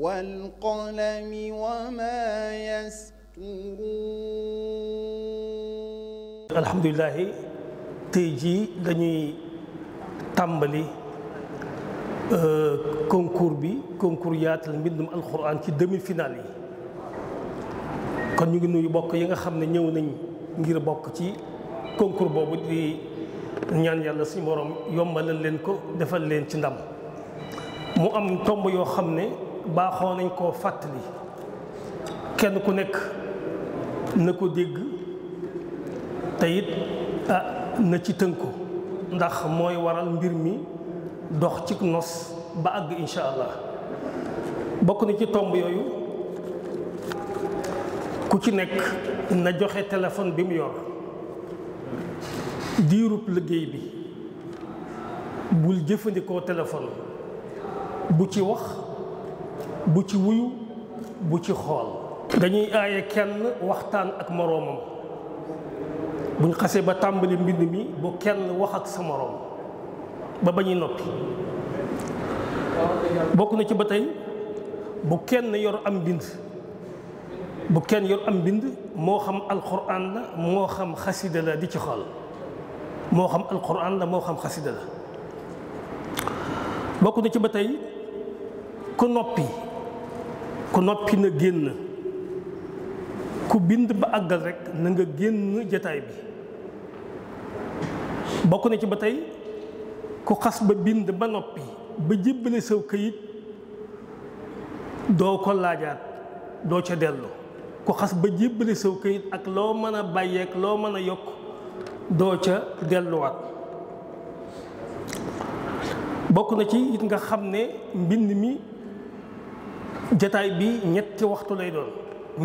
والقلم وما يسطرون alhamdulilah tey jii dañuy tàmbali euh, concours bi concours yaatal mbindum alquran ci demi-finale yi kon ñu ngi nuyu bokk yi nga xam ne ñëw nañ ngir bokk ci concours boobu di ñaan yàlla suñu borom yombalal leen ko defal leen ci ndam mu am tomb yoo xam ne baaxoo nañ koo fàttali kenn ku nekk na ko dégg te it ah, na ci tënku ndax mooy waral mbir mi dox ci nos ba àgg incha allah bokk na ci tomb yooyu ku ci nekk na joxe téléphone bi mu yor. diirub liggéey bi bul jëfandikoo téléphone bu ci wax bu ci wuyu bu ci xool dañuy aaye kenn waxtaan ak moroomam buñ xasee ba tàmbali mbind mi bu kenn wax ak sa moroom ba ba noppi bokk na ci ba tey bu kenn yor am mbind bu kenn yor am mbind moo xam alxuraan la moo xam xasida la di ci xool moo xam alquran la moo xam xasida la bokk na ci ba tey ku noppi ku noppi na génn ku bind ba àggal rekk na nga génn jataay bi bokk na ci ba tey ku xas ba bind ba noppi ba jébbale saw kayit doo ko laajaat doo ca dellu ku xas ba jébbale saw këyit ak loo mën a bàyyeek loo mën a yokk doo ca delluwaat bokk na ci it nga xam ne mbind mi jataay bi ñetti waxtu lay doon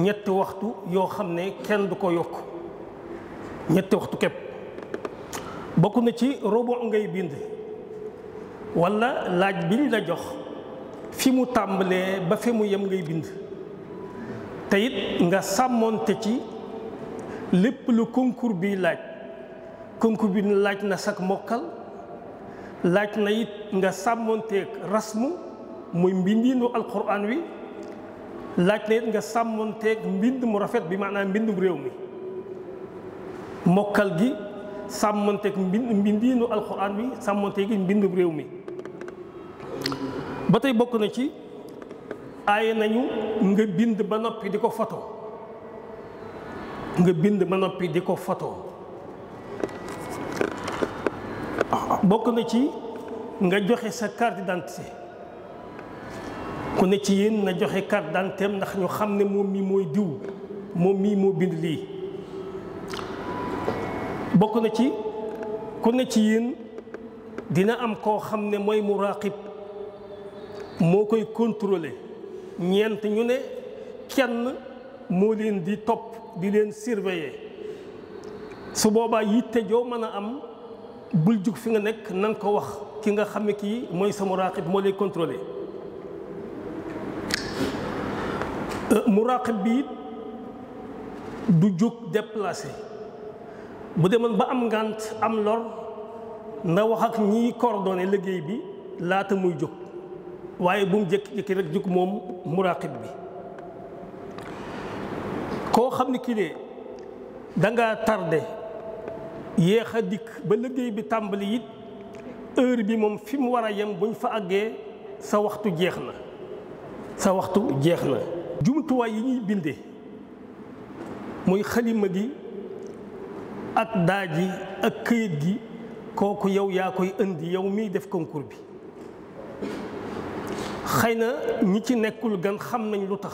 ñetti waxtu yoo xam ne kenn du ko yokk ñetti waxtu képp bokk na ci robo ngay bind walla laaj bi ñu la jox fi mu tàmbalee ba fi mu yem ngay bind te nga sàmmoonte ci lépp lu concours bi laaj concubine laaj na sag mokkal laaj na it nga sàmmonteeg rasmu muy mbindiinu alquran wi laaj na it nga sàmmonteeg mbind mu rafet bi maanaam mbindum réew mi mokkal gi sàmmonteeg mbind mbindiinu alquran wi sàmmonteeg mbindum réew mi ba tey bokk na ci aaye nañu nga bind ba noppi di ko foto nga bind ba noppi di ko foto bokk na ci nga joxe sa carte d'identité ku ne ci yéen na joxe carte ndax ñu xam ne moom mii mooy diw moom mii moo bind lii bokk na ci ku ne ci yéen dina am koo xam ne mooy muraqib moo koy contrôler ñeent ñu ne kenn moo leen di topp di leen surveiller su boobaa yitte joo mën a am bul jug fi nga nekk na ko wax ki nga xam ne kii mooy sa muraqib moo lay contrôler euh, muraqib bi it du jóg déplacé bu demal ba am ngànt am lor na wax ak ñiy coordonné liggéey bi laata muy jóg waaye bu mu jékki-jékki rek jóg moom muraqib bi koo xam ne kii de da ngaa tardé yéex a dikk ba liggéey bi tàmbali it heure bi moom fi mu war a yem buñ fa àggee sa waxtu jeex na sa waxtu jeex na jumtuwaay yi ñuy bindee muy xalima gi ak daa ak këyit gi kooku yow yaa koy indi yow miy def concours bi xëy na ñi ci nekkul gan xam nañ lu tax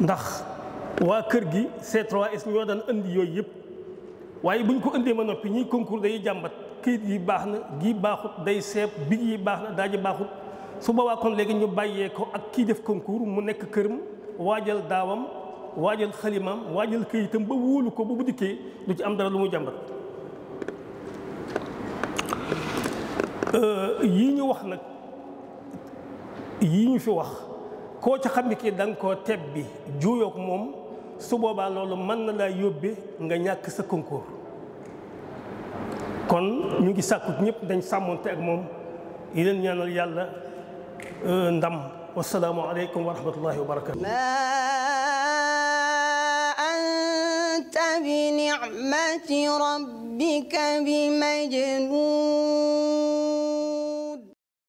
ndax waa kër gi C3S ñoo daan indi yooyu yëpp waaye buñ ko indee ma noppi ñuy concours day jàmbat këyit yi baax na gii baaxut day seeb bi yi baax na daaji baaxut su boobaa kon léegi bàyyee ko ak kii def concours mu nekk këram waajal daawam waajal xalimaam waajal këyitam ba wóolu ko ba bu dikkee du ci am dara lu mu jàmbat euh, yi ñu wax nag yi ñu fi wax koo ci xam ne kii da nga koo teb bi juuyoo ko moom su boobaa loolu mën na laa nga ñàkk sa concours kon ñu ngi sàkkut ñëpp dañ sàmmonte ak moom yi leen ñaanal yàlla euh, ndam wasalaamu aleykum wa wa barakatu ma anta bi ni'mati rabbika bi majnun